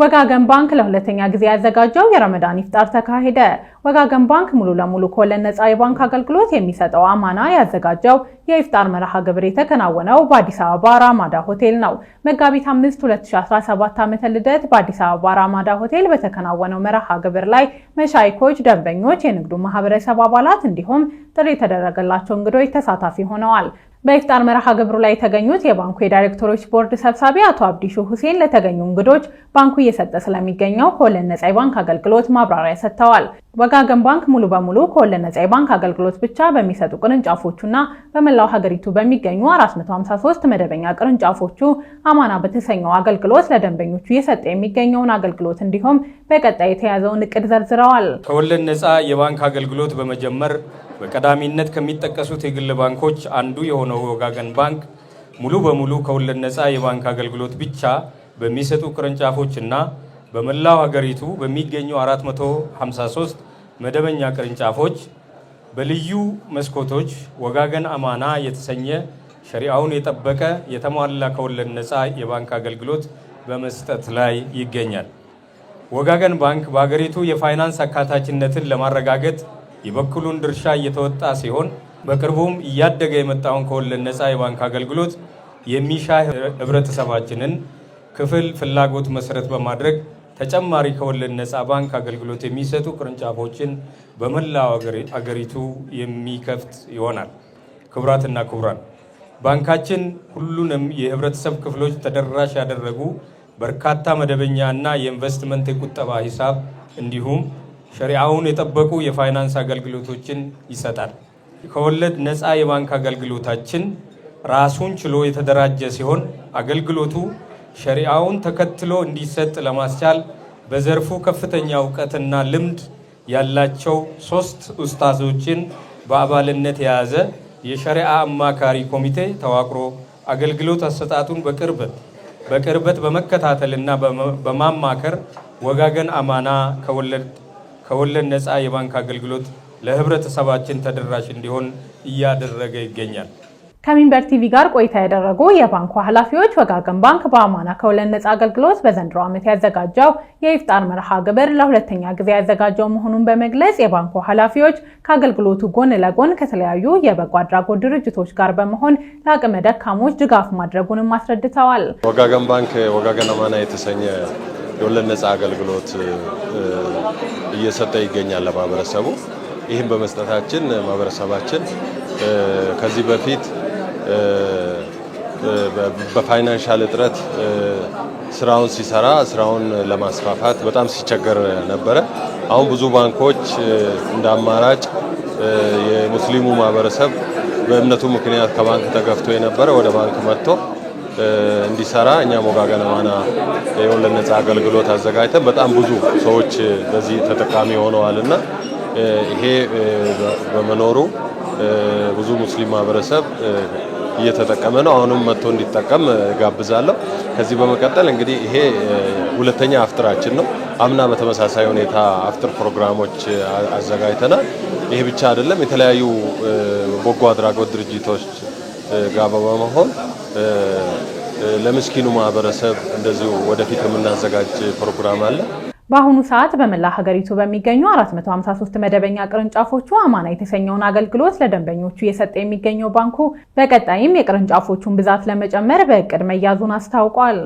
ወጋገን ባንክ ለሁለተኛ ጊዜ ያዘጋጀው የረመዳን ኢፍጣር ተካሄደ። ወጋገን ባንክ ሙሉ ለሙሉ ከወለድ ነፃ የባንክ አገልግሎት የሚሰጠው አማና ያዘጋጀው የኢፍጣር መርሃ ግብር የተከናወነው በአዲስ አበባ ራማዳ ሆቴል ነው። መጋቢት 5 2017 ዓ.ም ልደት በአዲስ አበባ ራማዳ ሆቴል በተከናወነው መርሃ ግብር ላይ መሻይኮች፣ ደንበኞች፣ የንግዱ ማህበረሰብ አባላት እንዲሁም ጥሪ የተደረገላቸው እንግዶች ተሳታፊ ሆነዋል። በኢፍጣር መርሃ ግብሩ ላይ የተገኙት የባንኩ የዳይሬክተሮች ቦርድ ሰብሳቢ አቶ አብዲሹ ሁሴን ለተገኙ እንግዶች ባንኩ እየሰጠ ስለሚገኘው ከወለድ ነፃ የባንክ አገልግሎት ማብራሪያ ሰጥተዋል። ወጋገን ባንክ ሙሉ በሙሉ ከወለድ ነፃ የባንክ አገልግሎት ብቻ በሚሰጡ ቅርንጫፎቹና በመላው ሀገሪቱ በሚገኙ 453 መደበኛ ቅርንጫፎቹ አማና በተሰኘው አገልግሎት ለደንበኞቹ እየሰጠ የሚገኘውን አገልግሎት እንዲሁም በቀጣይ የተያዘውን እቅድ ዘርዝረዋል። ከወለድ ነፃ የባንክ አገልግሎት በመጀመር በቀዳሚነት ከሚጠቀሱት የግል ባንኮች አንዱ የሆነው ወጋገን ባንክ ሙሉ በሙሉ ከወለድ ነፃ የባንክ አገልግሎት ብቻ በሚሰጡ ቅርንጫፎችና በመላው ሀገሪቱ በሚገኙ 453 መደበኛ ቅርንጫፎች በልዩ መስኮቶች ወጋገን አማና የተሰኘ ሸሪአውን የጠበቀ የተሟላ ከወለድ ነፃ የባንክ አገልግሎት በመስጠት ላይ ይገኛል። ወጋገን ባንክ በሀገሪቱ የፋይናንስ አካታችነትን ለማረጋገጥ የበኩሉን ድርሻ እየተወጣ ሲሆን በቅርቡም እያደገ የመጣውን ከወለድ ነፃ የባንክ አገልግሎት የሚሻ ህብረተሰባችንን ክፍል ፍላጎት መሰረት በማድረግ ተጨማሪ ከወለድ ነፃ ባንክ አገልግሎት የሚሰጡ ቅርንጫፎችን በመላው አገሪቱ የሚከፍት ይሆናል። ክቡራትና ክቡራን፣ ባንካችን ሁሉንም የህብረተሰብ ክፍሎች ተደራሽ ያደረጉ በርካታ መደበኛ እና የኢንቨስትመንት የቁጠባ ሂሳብ እንዲሁም ሸሪአውን የጠበቁ የፋይናንስ አገልግሎቶችን ይሰጣል። ከወለድ ነፃ የባንክ አገልግሎታችን ራሱን ችሎ የተደራጀ ሲሆን አገልግሎቱ ሸሪአውን ተከትሎ እንዲሰጥ ለማስቻል በዘርፉ ከፍተኛ እውቀትና ልምድ ያላቸው ሶስት ኡስታዞችን በአባልነት የያዘ የሸሪዓ አማካሪ ኮሚቴ ተዋቅሮ አገልግሎት አሰጣጡን በቅርበት በቅርበት በመከታተልና በማማከር ወጋገን አማና ከወለድ ነፃ የባንክ አገልግሎት ለህብረተሰባችን ተደራሽ እንዲሆን እያደረገ ይገኛል። ከሚንበር ቲቪ ጋር ቆይታ ያደረጉ የባንኩ ኃላፊዎች ወጋገን ባንክ በአማና ከወለድ ነፃ አገልግሎት በዘንድሮ ዓመት ያዘጋጀው የኢፍጣር መርሃ ግብር ለሁለተኛ ጊዜ ያዘጋጀው መሆኑን በመግለጽ የባንኩ ኃላፊዎች ከአገልግሎቱ ጎን ለጎን ከተለያዩ የበጎ አድራጎት ድርጅቶች ጋር በመሆን ለአቅመ ደካሞች ድጋፍ ማድረጉንም አስረድተዋል። ወጋገን ባንክ ወጋገን አማና የተሰኘ የወለድ ነፃ አገልግሎት እየሰጠ ይገኛል ለማህበረሰቡ። ይህም በመስጠታችን ማህበረሰባችን ከዚህ በፊት በፋይናንሻል እጥረት ስራውን ሲሰራ ስራውን ለማስፋፋት በጣም ሲቸገር ነበረ። አሁን ብዙ ባንኮች እንደ አማራጭ የሙስሊሙ ማህበረሰብ በእምነቱ ምክንያት ከባንክ ተገፍቶ የነበረ ወደ ባንክ መጥቶ እንዲሰራ እኛ ሞጋ ገለማና የወለድ ነጻ አገልግሎት አዘጋጅተን በጣም ብዙ ሰዎች በዚህ ተጠቃሚ ሆነዋል እና ይሄ በመኖሩ ብዙ ሙስሊም ማህበረሰብ እየተጠቀመ ነው። አሁንም መጥቶ እንዲጠቀም ጋብዛለሁ። ከዚህ በመቀጠል እንግዲህ ይሄ ሁለተኛ አፍጥራችን ነው። አምና በተመሳሳይ ሁኔታ አፍጥር ፕሮግራሞች አዘጋጅተናል። ይሄ ብቻ አይደለም። የተለያዩ በጎ አድራጎት ድርጅቶች ጋር በመሆን ለምስኪኑ ማህበረሰብ እንደዚሁ ወደፊት የምናዘጋጅ ፕሮግራም አለ። በአሁኑ ሰዓት በመላ ሀገሪቱ በሚገኙ 453 መደበኛ ቅርንጫፎቹ አማና የተሰኘውን አገልግሎት ለደንበኞቹ እየሰጠ የሚገኘው ባንኩ በቀጣይም የቅርንጫፎቹን ብዛት ለመጨመር በእቅድ መያዙን አስታውቋል።